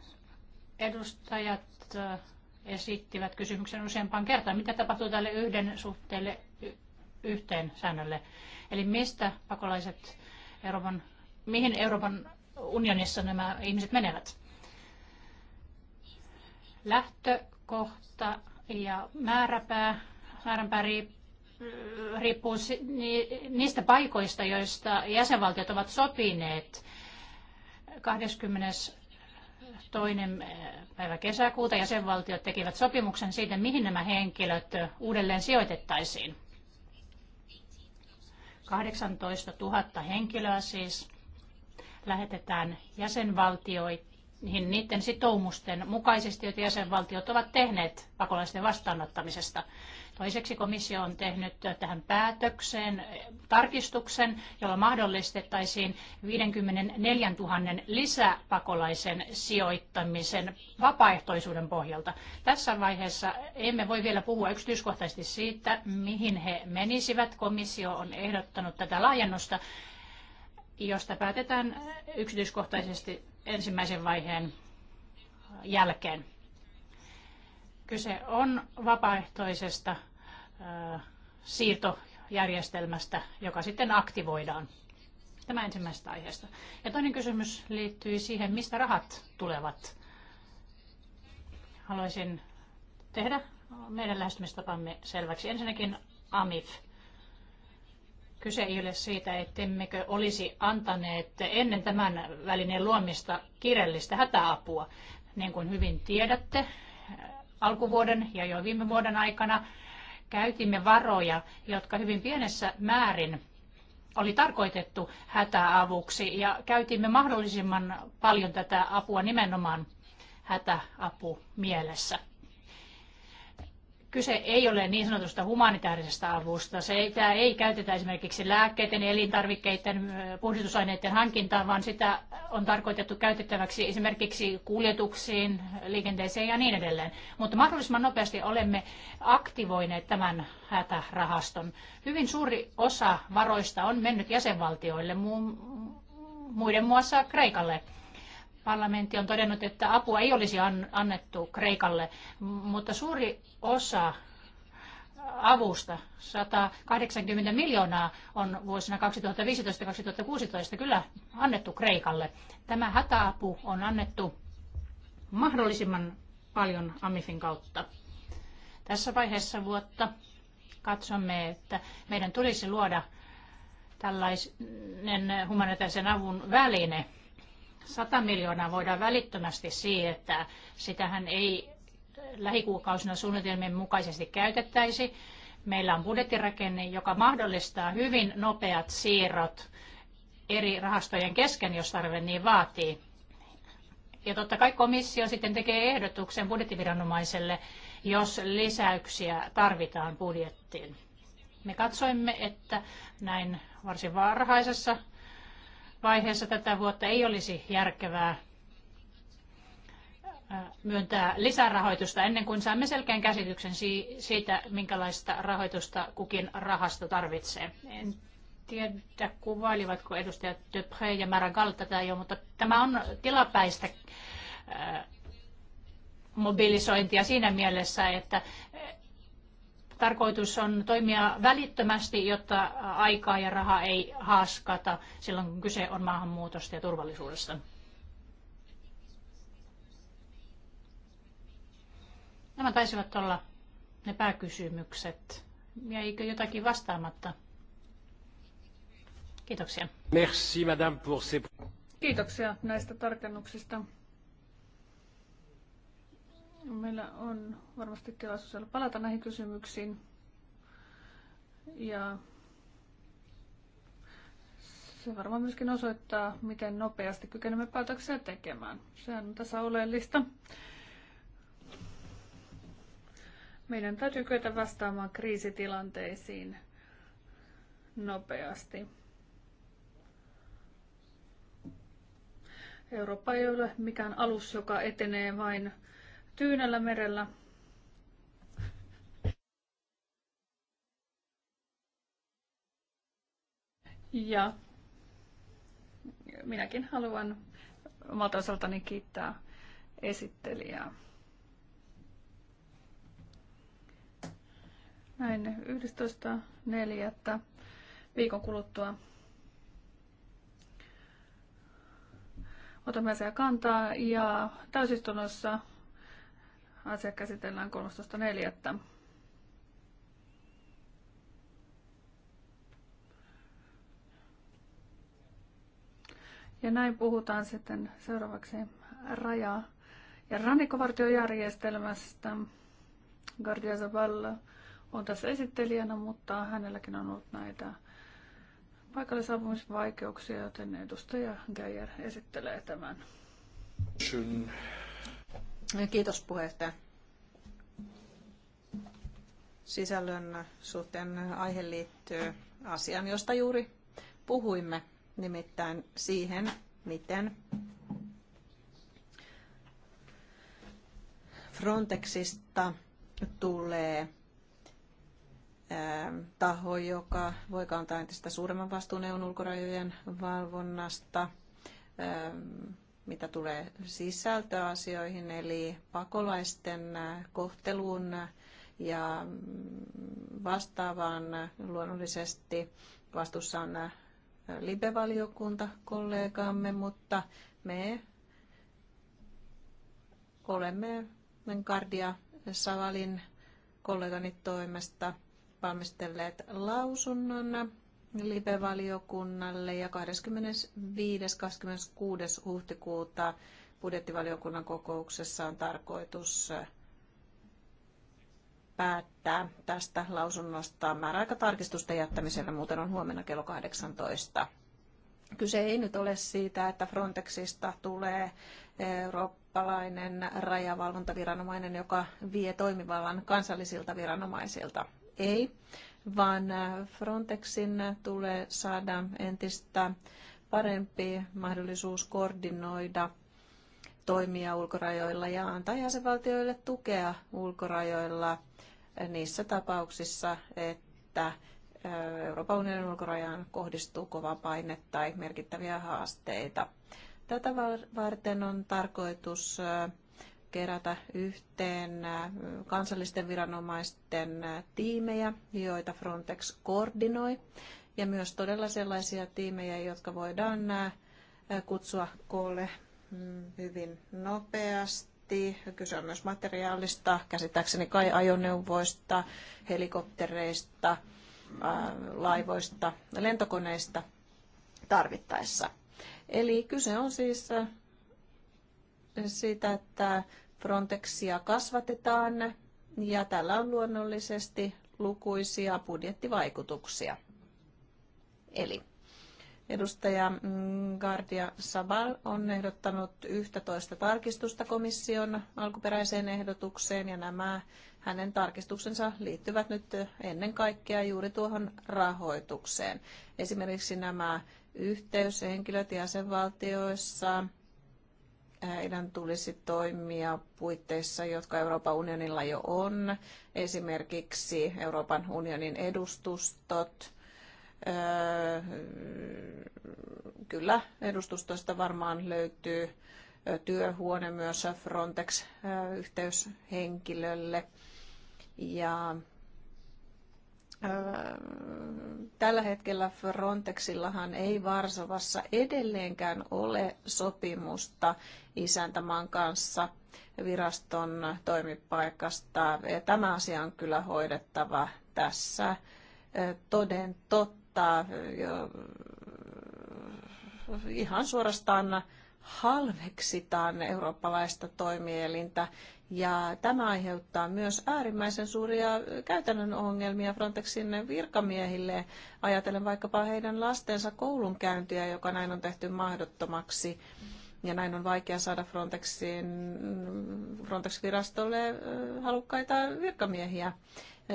Edustajat äh, esittivät kysymyksen useampaan kertaan. Mitä tapahtuu tälle yhden suhteelle yhteen säännölle? Eli mistä pakolaiset Euroopan, mihin Euroopan unionissa nämä ihmiset menevät? Lähtökohta ja määräpää, määränpää riippuu niistä paikoista, joista jäsenvaltiot ovat sopineet. 22. Eh, päivä kesäkuuta jäsenvaltiot tekivät sopimuksen siitä, mihin nämä henkilöt uudelleen sijoitettaisiin. 18 000 henkilöä siis lähetetään jäsenvaltioihin niiden sitoumusten mukaisesti, joita jäsenvaltiot ovat tehneet pakolaisten vastaanottamisesta. Toiseksi komissio on tehnyt tähän päätökseen tarkistuksen, jolla mahdollistettaisiin 54 000 lisäpakolaisen sijoittamisen vapaaehtoisuuden pohjalta. Tässä vaiheessa emme voi vielä puhua yksityiskohtaisesti siitä, mihin he menisivät. Komissio on ehdottanut tätä laajennusta, josta päätetään yksityiskohtaisesti ensimmäisen vaiheen jälkeen. Kyse on vapaaehtoisesta äh, siirtojärjestelmästä, joka sitten aktivoidaan. Tämä ensimmäisestä aiheesta. Ja toinen kysymys liittyy siihen, mistä rahat tulevat. Haluaisin tehdä meidän lähestymistapamme selväksi. Ensinnäkin AMIF. Kyse ei ole siitä, ettemmekö olisi antaneet ennen tämän välineen luomista kirjallista hätäapua. Niin kuin hyvin tiedätte, alkuvuoden ja jo viime vuoden aikana käytimme varoja, jotka hyvin pienessä määrin oli tarkoitettu hätäavuksi ja käytimme mahdollisimman paljon tätä apua nimenomaan hätäapu mielessä. Kyse ei ole niin sanotusta humanitaarisesta avusta. Se sitä ei käytetä esimerkiksi lääkkeiden, elintarvikkeiden, puhdistusaineiden hankintaan, vaan sitä on tarkoitettu käytettäväksi esimerkiksi kuljetuksiin, liikenteeseen ja niin edelleen. Mutta mahdollisimman nopeasti olemme aktivoineet tämän hätärahaston. Hyvin suuri osa varoista on mennyt jäsenvaltioille, muiden muassa Kreikalle. Parlamentti on todennut, että apua ei olisi annettu Kreikalle, mutta suuri osa avusta, 180 miljoonaa on vuosina 2015-2016 kyllä annettu Kreikalle. Tämä hätäapu on annettu mahdollisimman paljon AMIFin kautta. Tässä vaiheessa vuotta katsomme, että meidän tulisi luoda tällainen humanitaarisen avun väline – 100 miljoonaa voidaan välittömästi siirtää. Sitähän ei lähikuukausina suunnitelmien mukaisesti käytettäisi. Meillä on budjettirakenne, joka mahdollistaa hyvin nopeat siirrot eri rahastojen kesken, jos tarve niin vaatii. Ja totta kai komissio sitten tekee ehdotuksen budjettiviranomaiselle, jos lisäyksiä tarvitaan budjettiin. Me katsoimme, että näin varsin varhaisessa vaiheessa tätä vuotta ei olisi järkevää myöntää lisärahoitusta ennen kuin saamme selkeän käsityksen siitä, minkälaista rahoitusta kukin rahasto tarvitsee. En tiedä, kuvailivatko edustajat Depré ja Maragall tätä jo, mutta tämä on tilapäistä mobilisointia siinä mielessä, että Tarkoitus on toimia välittömästi, jotta aikaa ja rahaa ei haaskata silloin, kun kyse on maahanmuutosta ja turvallisuudesta. Nämä taisivat olla ne pääkysymykset. Jäikö jotakin vastaamatta? Kiitoksia. Merci, madame, pour ces... Kiitoksia näistä tarkennuksista. Meillä on varmasti tilaisuus palata näihin kysymyksiin. Ja se varmaan myöskin osoittaa, miten nopeasti kykenemme päätöksiä tekemään. Sehän on tässä oleellista. Meidän täytyy kyetä vastaamaan kriisitilanteisiin nopeasti. Eurooppa ei ole mikään alus, joka etenee vain Tyynellä merellä. Ja minäkin haluan omalta osaltani kiittää esittelijää. Näin 11.4. viikon kuluttua otamme asiaa kantaa ja täysistunnossa Asia käsitellään 13.4. Ja näin puhutaan sitten seuraavaksi raja- ja rannikkovartiojärjestelmästä. Gardia Zavalla on tässä esittelijänä, mutta hänelläkin on ollut näitä paikallisaapumisvaikeuksia, joten edustaja Geijer esittelee tämän. Schön. Kiitos puheenjohtaja. Sisällön suhteen aihe liittyy asiaan, josta juuri puhuimme, nimittäin siihen, miten Frontexista tulee ähm, taho, joka voi kantaa entistä suuremman vastuun EUn ulkorajojen valvonnasta ähm, mitä tulee sisältöasioihin, eli pakolaisten kohteluun ja vastaavaan luonnollisesti vastuussa on libevaliokunta kollegaamme, mutta me olemme Kardia Savalin kollegani toimesta valmistelleet lausunnon live-valiokunnalle ja 25-26. huhtikuuta budjettivaliokunnan kokouksessa on tarkoitus äh, päättää tästä lausunnosta määräaikatarkistusten jättämisellä, muuten on huomenna kello 18. Kyse ei nyt ole siitä, että Frontexista tulee eurooppalainen rajavalvontaviranomainen, joka vie toimivallan kansallisilta viranomaisilta. Ei, vaan äh, Frontexin tulee saada entistä parempi mahdollisuus koordinoida toimia ulkorajoilla ja antaa jäsenvaltioille tukea ulkorajoilla niissä tapauksissa, että äh, Euroopan unionin ulkorajaan kohdistuu kova paine tai merkittäviä haasteita. Tätä varten on tarkoitus äh, kerätä yhteen äh, kansallisten viranomaisten äh, tiimejä, joita Frontex koordinoi, ja myös todella sellaisia tiimejä, jotka voidaan äh, kutsua koolle mm, hyvin nopeasti. Kyse on myös materiaalista, käsittääkseni kai ajoneuvoista, helikoptereista, laivoista, lentokoneista tarvittaessa. Eli kyse on siis siitä, että Frontexia kasvatetaan ja tällä on luonnollisesti lukuisia budjettivaikutuksia. Eli edustaja Gardia Sabal on ehdottanut 11 tarkistusta komission alkuperäiseen ehdotukseen ja nämä hänen tarkistuksensa liittyvät nyt ennen kaikkea juuri tuohon rahoitukseen. Esimerkiksi nämä yhteyshenkilöt jäsenvaltioissa, heidän tulisi toimia puitteissa, jotka Euroopan unionilla jo on, esimerkiksi Euroopan unionin edustustot. Kyllä edustustosta varmaan löytyy työhuone myös Frontex-yhteyshenkilölle. Ja Tällä hetkellä Frontexillahan ei Varsovassa edelleenkään ole sopimusta isäntämaan kanssa viraston toimipaikasta. Tämä asia on kyllä hoidettava tässä toden totta, ihan suorastaan halveksitaan eurooppalaista toimielintä. Ja tämä aiheuttaa myös äärimmäisen suuria käytännön ongelmia Frontexin virkamiehille. Ajatellen vaikkapa heidän lastensa koulunkäyntiä, joka näin on tehty mahdottomaksi. Ja näin on vaikea saada Frontexin, Frontex-virastolle halukkaita virkamiehiä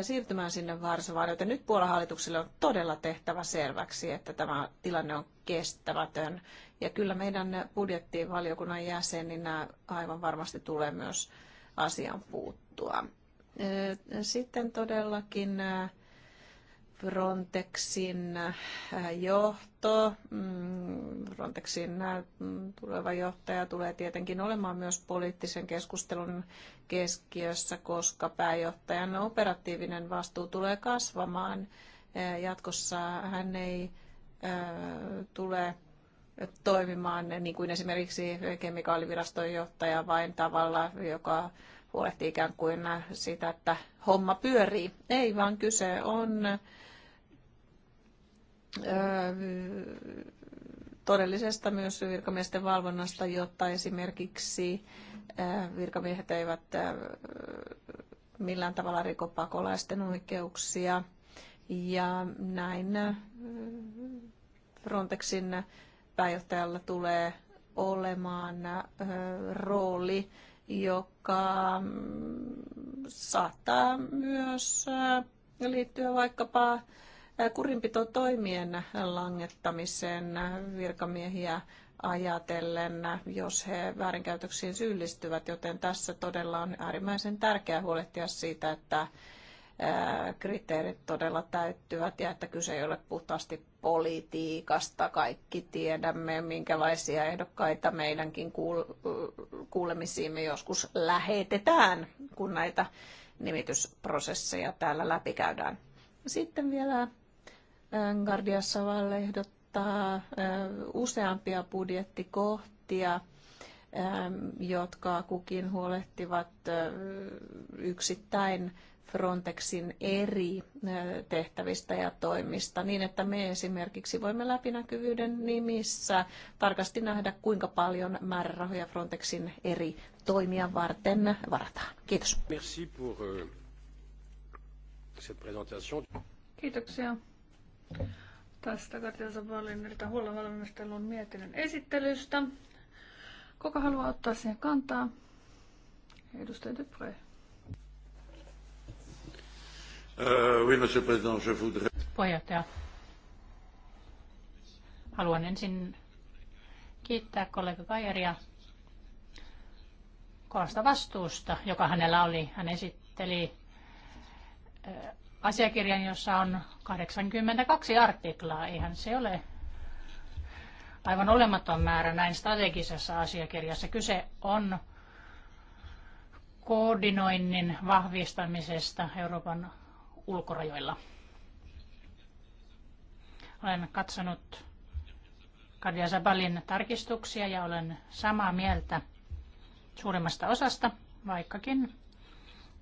siirtymään sinne Varsovaan, joten nyt Puolan hallitukselle on todella tehtävä selväksi, että tämä tilanne on kestämätön ja kyllä meidän budjettivaliokunnan jäseninä aivan varmasti tulee myös asian puuttua. Sitten todellakin Frontexin johto, mm, Frontexin tuleva johtaja tulee tietenkin olemaan myös poliittisen keskustelun keskiössä, koska pääjohtajan operatiivinen vastuu tulee kasvamaan. Jatkossa hän ei tule toimimaan niin kuin esimerkiksi kemikaaliviraston johtaja vain tavalla, joka huolehtii ikään kuin sitä, että homma pyörii. Ei, vaan kyse on todellisesta myös virkamiesten valvonnasta, jotta esimerkiksi virkamiehet eivät millään tavalla riko pakolaisten oikeuksia. Ja näin Frontexin pääjohtajalla tulee olemaan rooli, joka mm, saattaa myös liittyä vaikkapa kurinpitotoimien langettamiseen virkamiehiä ajatellen, jos he väärinkäytöksiin syyllistyvät, joten tässä todella on äärimmäisen tärkeää huolehtia siitä, että kriteerit todella täyttyvät ja että kyse ei ole puhtaasti politiikasta. Kaikki tiedämme, minkälaisia ehdokkaita meidänkin kuulemisiimme joskus lähetetään, kun näitä nimitysprosesseja täällä läpikäydään. Sitten vielä Guardia vaan ehdottaa useampia budjettikohtia, jotka kukin huolehtivat yksittäin Frontexin eri tehtävistä ja toimista niin, että me esimerkiksi voimme läpinäkyvyyden nimissä tarkasti nähdä, kuinka paljon määrärahoja Frontexin eri toimia varten varataan. Kiitos. Merci pour, cette présentation. Kiitoksia tästä Katja Valinilta valmistelun mietinnön esittelystä. Kuka haluaa ottaa siihen kantaa? Edustaja Dupré. Euh, oui, monsieur président, je voudrais... Puheenjohtaja. Haluan ensin kiittää kollega Kajeria kovasta vastuusta, joka hänellä oli. Hän esitteli äh, asiakirjan, jossa on 82 artiklaa. Eihän se ole aivan olematon määrä näin strategisessa asiakirjassa. Kyse on koordinoinnin vahvistamisesta Euroopan ulkorajoilla. Olen katsonut Kadia Zabalin tarkistuksia ja olen samaa mieltä suurimmasta osasta, vaikkakin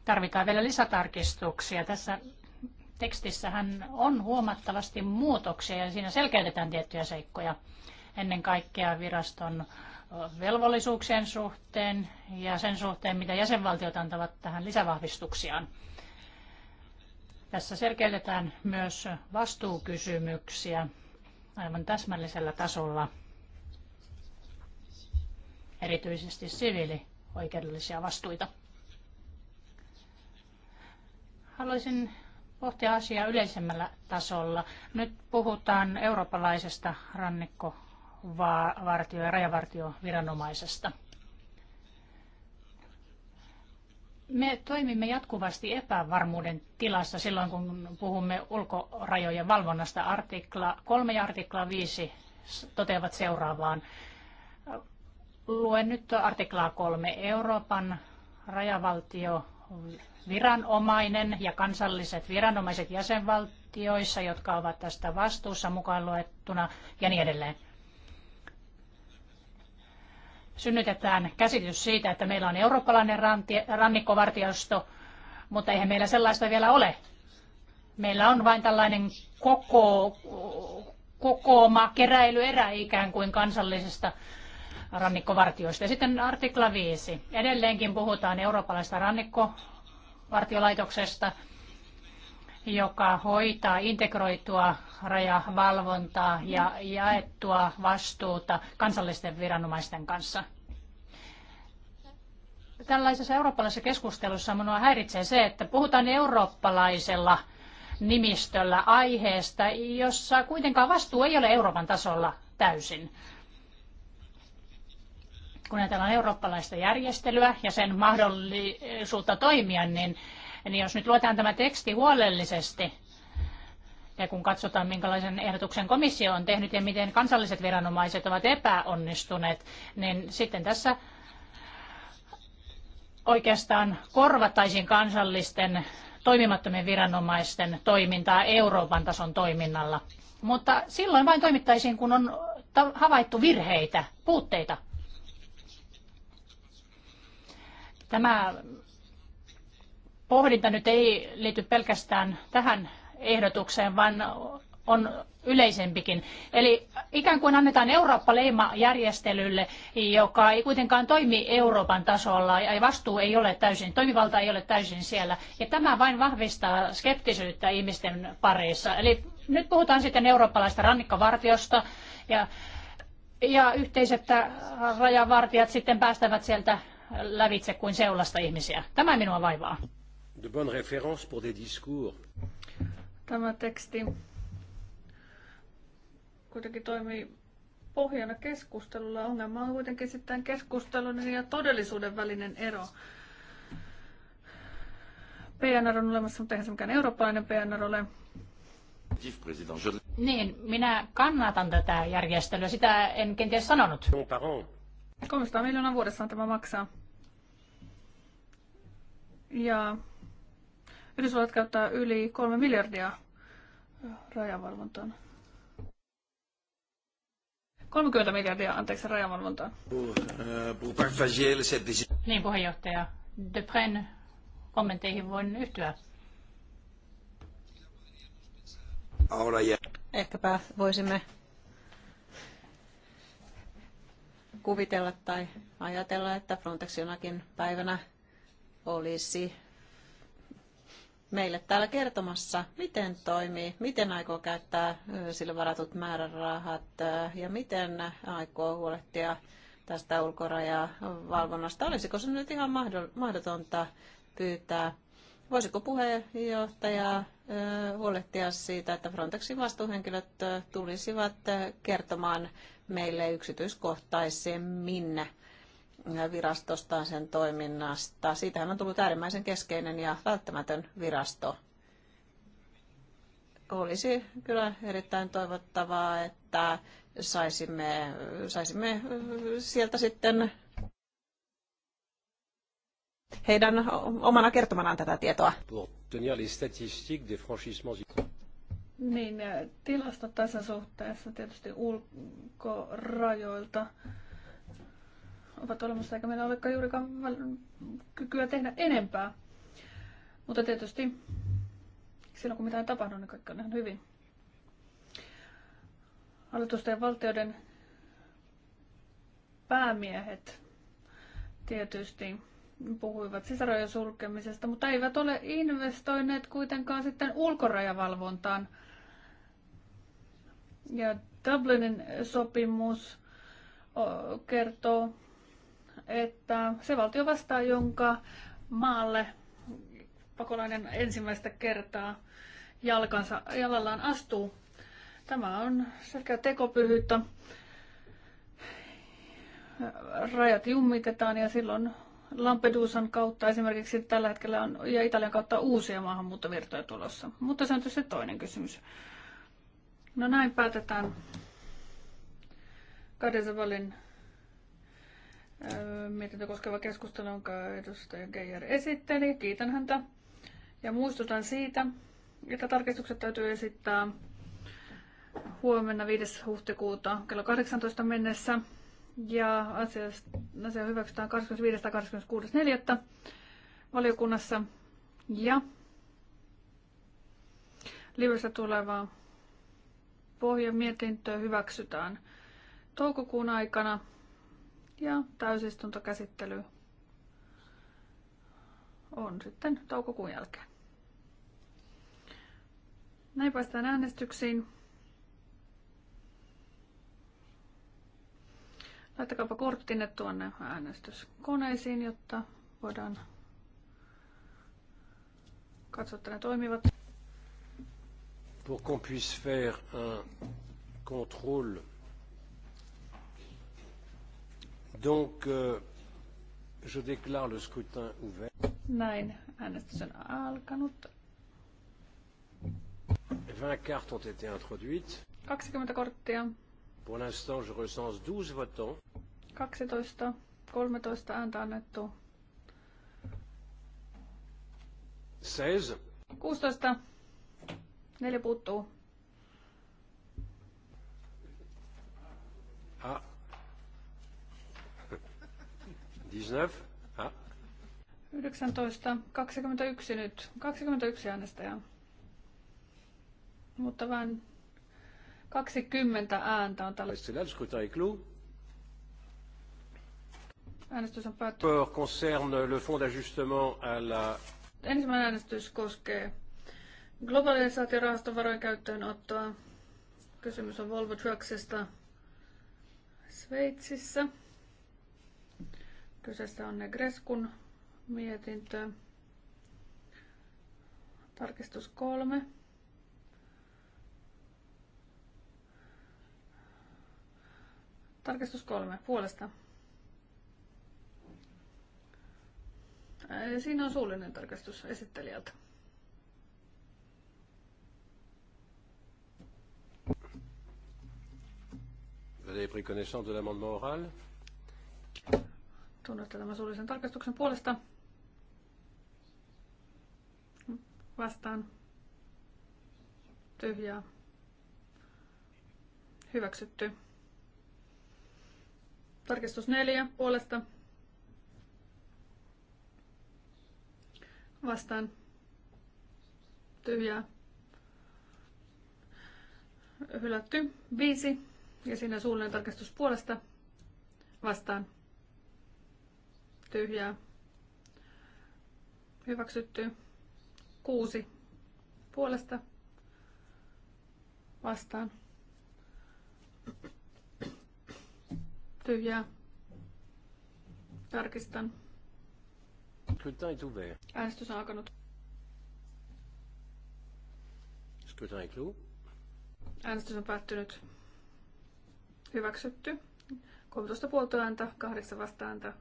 tarvitaan vielä lisätarkistuksia. Tässä tekstissähän on huomattavasti muutoksia ja siinä selkeytetään tiettyjä seikkoja ennen kaikkea viraston velvollisuuksien suhteen ja sen suhteen, mitä jäsenvaltiot antavat tähän lisävahvistuksiaan. Tässä selkeytetään myös vastuukysymyksiä aivan täsmällisellä tasolla, erityisesti siviilioikeudellisia vastuita. Haluaisin pohtia asiaa yleisemmällä tasolla. Nyt puhutaan eurooppalaisesta rannikkovartio- ja rajavartioviranomaisesta. Me toimimme jatkuvasti epävarmuuden tilassa silloin, kun puhumme ulkorajojen valvonnasta. Artikla 3 ja artikla 5 toteavat seuraavaan. Luen nyt artiklaa 3. Euroopan rajavaltio viranomainen ja kansalliset viranomaiset jäsenvaltioissa, jotka ovat tästä vastuussa mukaan luettuna ja niin edelleen synnytetään käsitys siitä, että meillä on eurooppalainen rannikkovartiosto, mutta eihän meillä sellaista vielä ole. Meillä on vain tällainen koko, kokooma keräilyerä ikään kuin kansallisesta rannikkovartioista. Ja sitten artikla 5. Edelleenkin puhutaan eurooppalaisesta rannikkovartiolaitoksesta joka hoitaa integroitua rajavalvontaa ja jaettua vastuuta kansallisten viranomaisten kanssa. Tällaisessa eurooppalaisessa keskustelussa minua häiritsee se, että puhutaan eurooppalaisella nimistöllä aiheesta, jossa kuitenkaan vastuu ei ole Euroopan tasolla täysin. Kun ajatellaan eurooppalaista järjestelyä ja sen mahdollisuutta toimia, niin niin jos nyt luetaan tämä teksti huolellisesti, ja kun katsotaan, minkälaisen ehdotuksen komissio on tehnyt ja miten kansalliset viranomaiset ovat epäonnistuneet, niin sitten tässä oikeastaan korvattaisiin kansallisten toimimattomien viranomaisten toimintaa Euroopan tason toiminnalla. Mutta silloin vain toimittaisiin, kun on havaittu virheitä, puutteita. Tämä pohdinta nyt ei liity pelkästään tähän ehdotukseen, vaan on yleisempikin. Eli ikään kuin annetaan Eurooppa-leima järjestelylle, joka ei kuitenkaan toimi Euroopan tasolla ja vastuu ei ole täysin, toimivalta ei ole täysin siellä. Ja tämä vain vahvistaa skeptisyyttä ihmisten parissa. Eli nyt puhutaan sitten eurooppalaista rannikkovartiosta ja, ja yhteiset rajavartijat sitten päästävät sieltä lävitse kuin seulasta ihmisiä. Tämä minua vaivaa de bonnes références pour des discours. Tämä teksti kuitenkin toimii pohjana keskustelulla. Ongelma on kuitenkin sitten keskustelun ja todellisuuden välinen ero. PNR on olemassa, mutta eihän se mikään eurooppalainen PNR ole. Niin, minä kannatan tätä järjestelyä. Sitä en kenties sanonut. 300 miljoonaa vuodessa tämä maksaa. Ja Yhdysvallat käyttää yli kolme miljardia rajavalvontaan. 30 miljardia, anteeksi, rajavalvontaan. Niin, puheenjohtaja. Pren, kommentteihin voin yhtyä. Ehkäpä voisimme kuvitella tai ajatella, että Frontexionakin päivänä olisi meille täällä kertomassa, miten toimii, miten aikoo käyttää sille varatut määrärahat ja miten aikoo huolehtia tästä ulkorajavalvonnasta. Olisiko se nyt ihan mahdotonta pyytää? Voisiko puheenjohtaja huolehtia siitä, että Frontexin vastuuhenkilöt tulisivat kertomaan meille yksityiskohtaisemmin virastostaan sen toiminnasta. Siitähän on tullut äärimmäisen keskeinen ja välttämätön virasto. Olisi kyllä erittäin toivottavaa, että saisimme, saisimme sieltä sitten heidän omana kertomanaan tätä tietoa. Niin, tilastot tässä suhteessa tietysti ulkorajoilta ovat olemassa, eikä meillä olekaan juurikaan kykyä tehdä enempää. Mutta tietysti silloin, kun mitään ei tapahdu, niin kaikki on ihan hyvin. Hallitusten ja valtioiden päämiehet tietysti puhuivat sisärajojen sulkemisesta, mutta eivät ole investoineet kuitenkaan sitten ulkorajavalvontaan. Ja Dublinin sopimus kertoo että se valtio vastaa, jonka maalle pakolainen ensimmäistä kertaa jalkansa, jalallaan astuu. Tämä on sekä tekopyhyyttä. Rajat jummitetaan ja silloin Lampedusan kautta esimerkiksi tällä hetkellä on, ja Italian kautta uusia maahanmuuttovirtoja tulossa. Mutta se on tietysti toinen kysymys. No näin päätetään Kadesavalin mietintö koskeva keskustelu, jonka edustaja Geijer esitteli. Kiitän häntä ja muistutan siitä, että tarkistukset täytyy esittää huomenna 5. huhtikuuta kello 18 mennessä ja asia hyväksytään 25. 26.4. valiokunnassa ja livestä tuleva pohjamietintö hyväksytään toukokuun aikana ja täysistuntokäsittely on sitten toukokuun jälkeen. Näin päästään äänestyksiin. Laittakaapa korttinne tuonne äänestyskoneisiin, jotta voidaan katsoa, että ne toimivat. Pour qu'on puisse faire un contrôle Donc, euh, je déclare le scrutin ouvert. Näin, äänestys on alkanut. 20 cartes ont été introduites. 20 korttia. Pour l'instant, je recense 12 votants. 12, 13 ääntä annettu. 16. 16. Neljä puuttuu. Ah, 19. Ah. 19. 21 nyt. 21 äänestäjää. Mutta vain 20 ääntä on tällä. C'est là le scrutin est clos. Äänestys on päättynyt. concerne le fonds d'ajustement à la... Ensimmäinen äänestys koskee globalisaatiorahaston varojen käyttöönottoa. Kysymys on Volvo Trucksista Sveitsissä. Kyseessä on Negreskun mietintö. Tarkistus kolme. Tarkistus kolme puolesta. Siinä on suullinen tarkastus esittelijältä. Vous avez pris connaissance de l'amendement oral Tunnette tämän suullisen tarkastuksen puolesta. Vastaan. Tyhjää. Hyväksytty. Tarkistus neljä puolesta. Vastaan. Tyhjää. Hylätty. Viisi. Ja siinä suullinen tarkastus puolesta. Vastaan tyhjää, hyväksytty, kuusi puolesta vastaan, tyhjää, tarkistan. Äänestys on alkanut. Äänestys on päättynyt. Hyväksytty. 13 puolta ääntä, 8 ääntä,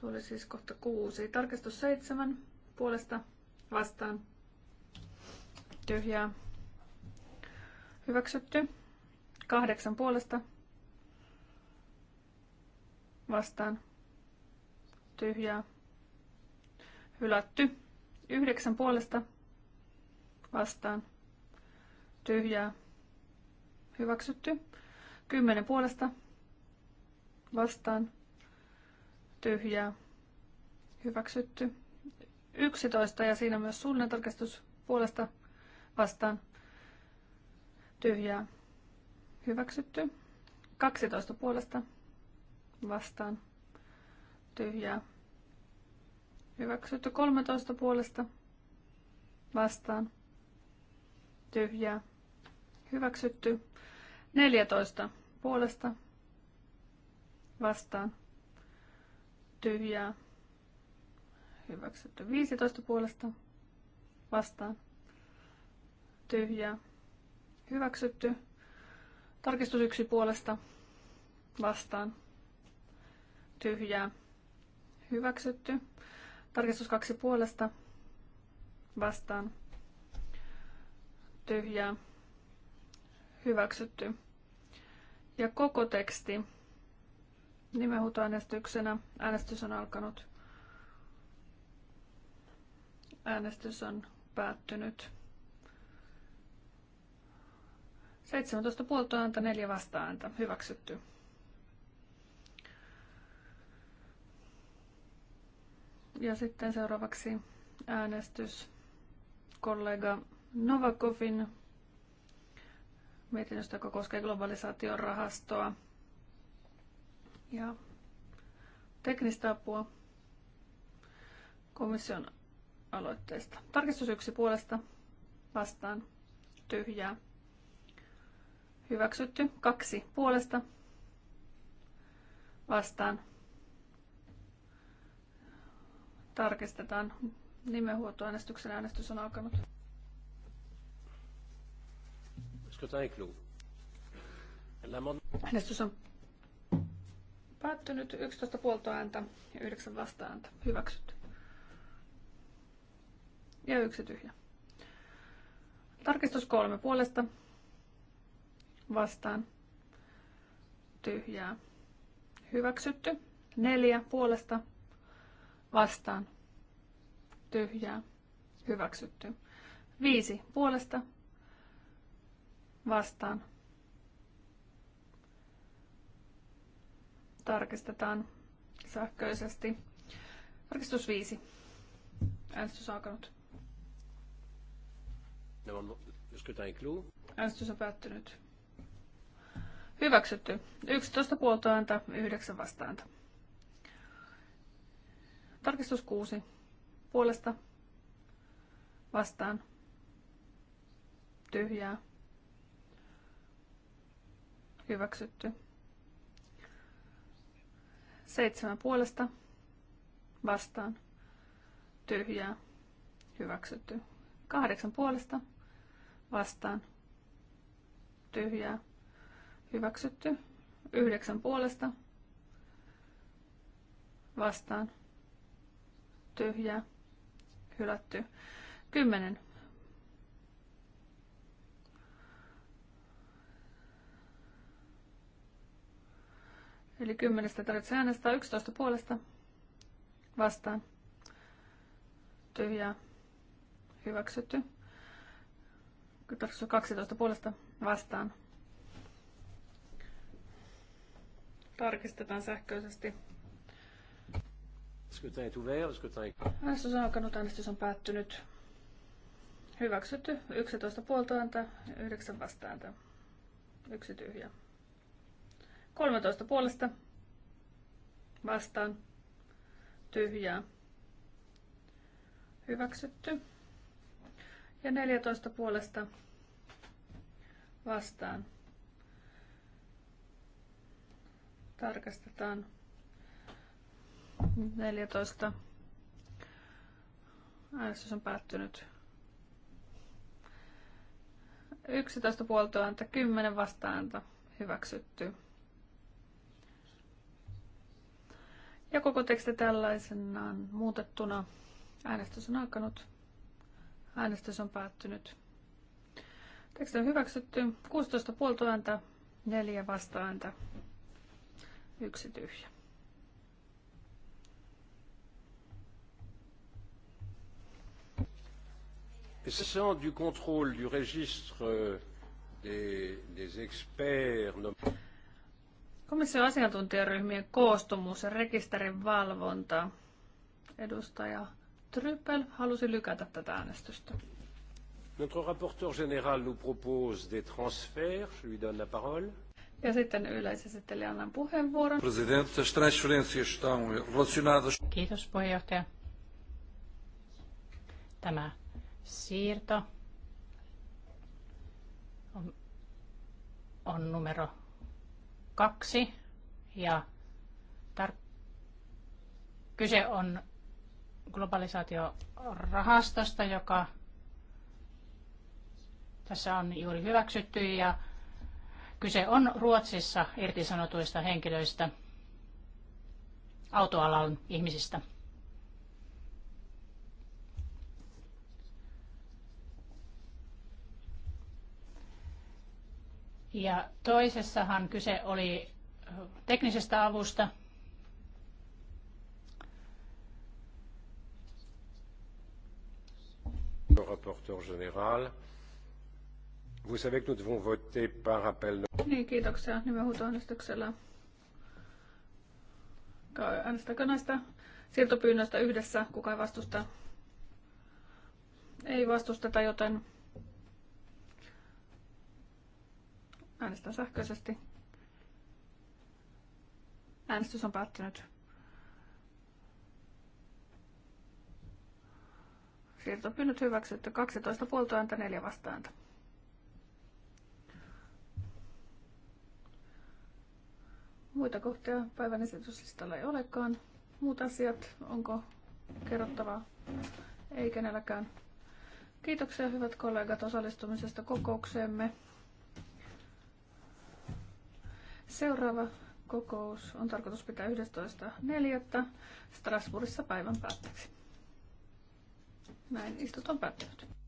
Tuo oli siis kohta kuusi. Tarkistus seitsemän puolesta vastaan. Tyhjää. Hyväksytty. Kahdeksan puolesta vastaan. Tyhjää. Hylätty. Yhdeksän puolesta vastaan. Tyhjää. Hyväksytty. Kymmenen puolesta vastaan tyhjää, hyväksytty. 11 ja siinä myös suullinen tarkastus puolesta vastaan, tyhjää, hyväksytty. 12 puolesta vastaan, tyhjää, hyväksytty. 13 puolesta vastaan, tyhjää, hyväksytty. 14 puolesta vastaan, tyhjää. Hyväksytty 15 puolesta vastaan. Tyhjää. Hyväksytty. Tarkistus 1 puolesta vastaan. Tyhjää. Hyväksytty. Tarkistus 2 puolesta vastaan. Tyhjää. Hyväksytty. Ja koko teksti Nimenhuutoäänestyksenä äänestys on alkanut. Äänestys on päättynyt. 17 puolta ääntä, 4 vasta-ääntä. Hyväksytty. Ja sitten seuraavaksi äänestys kollega Novakovin mietinnöstä, joka koskee globalisaation rahastoa ja teknistä apua komission aloitteesta. Tarkistus yksi puolesta vastaan tyhjää. Hyväksytty. Kaksi puolesta vastaan. Tarkistetaan. Nimenhuoltoäänestyksen äänestys on alkanut. Äänestys on Päättynyt 11 puoltoääntä, 9 ääntä. Hyväksytty. Ja yksi tyhjä. Tarkistus kolme puolesta. Vastaan. Tyhjää. Hyväksytty. Neljä puolesta. Vastaan. Tyhjää. Hyväksytty. Viisi puolesta. Vastaan. tarkistetaan sähköisesti. Tarkistus 5. Äänestys alkanut. Äänestys on päättynyt. Hyväksytty. 11 puolta ääntä, 9 vastaanta. Tarkistus 6. Puolesta vastaan. Tyhjää. Hyväksytty. Seitsemän puolesta vastaan tyhjää hyväksytty. Kahdeksan puolesta vastaan tyhjää hyväksytty. Yhdeksän puolesta vastaan tyhjää hylätty. Kymmenen Eli kymmenestä tarvitsee äänestää 11 puolesta vastaan. Tyhjää. Hyväksytty. Tarvitsee 12 puolesta vastaan. Tarkistetaan sähköisesti. Äänestys on alkanut, äänestys on päättynyt. Hyväksytty. 11 puolta ääntä, 9 vastaääntä. Yksi tyhjä. 13 puolesta vastaan tyhjää. Hyväksytty. Ja 14 puolesta vastaan. Tarkastetaan 14. Äänestys on päättynyt. 11 puolta ääntä, 10 vastaanta hyväksytty. Ja koko teksti tällaisenaan muutettuna. Äänestys on alkanut. Äänestys on päättynyt. Teksti on hyväksytty. 16 puoltoääntä, 4 vastaääntä, 1 tyhjä. du contrôle du registre euh, des, des experts Komission asiantuntijaryhmien koostumus ja rekisterin valvonta. Edustaja Tryppel halusi lykätä tätä äänestystä. Notre rapporteur général nous propose des transferts. Je lui donne la parole. Ja sitten yleisesittelijä annan puheenvuoron. Presidente, as transferências estão relacionadas... Kiitos puheenjohtaja. Tämä siirto on, on numero kaksi. ja tar- kyse on globalisaatiorahastosta, joka tässä on juuri hyväksytty ja kyse on Ruotsissa irtisanotuista henkilöistä, autoalan ihmisistä. Ja toisessahan kyse oli teknisestä avusta. Rapporteur général. Vous savez que nous devons voter par appel. Niin, kiitoksia nimenhuutoäänestyksellä. Äänestäkö näistä siirtopyynnöistä yhdessä? Kuka ei vastusta? Ei vastusteta, joten Äänestän sähköisesti. Äänestys on päättynyt. Siirtopyynnöt hyväksytty 12 puolta ääntä 4 vastaanta. Muita kohtia päivän esityslistalla ei olekaan. Muut asiat, onko kerrottavaa? Ei kenelläkään. Kiitoksia hyvät kollegat osallistumisesta kokoukseemme. Seuraava kokous on tarkoitus pitää 11.4. Strasbourgissa päivän päätteeksi. Näin istut on päättynyt.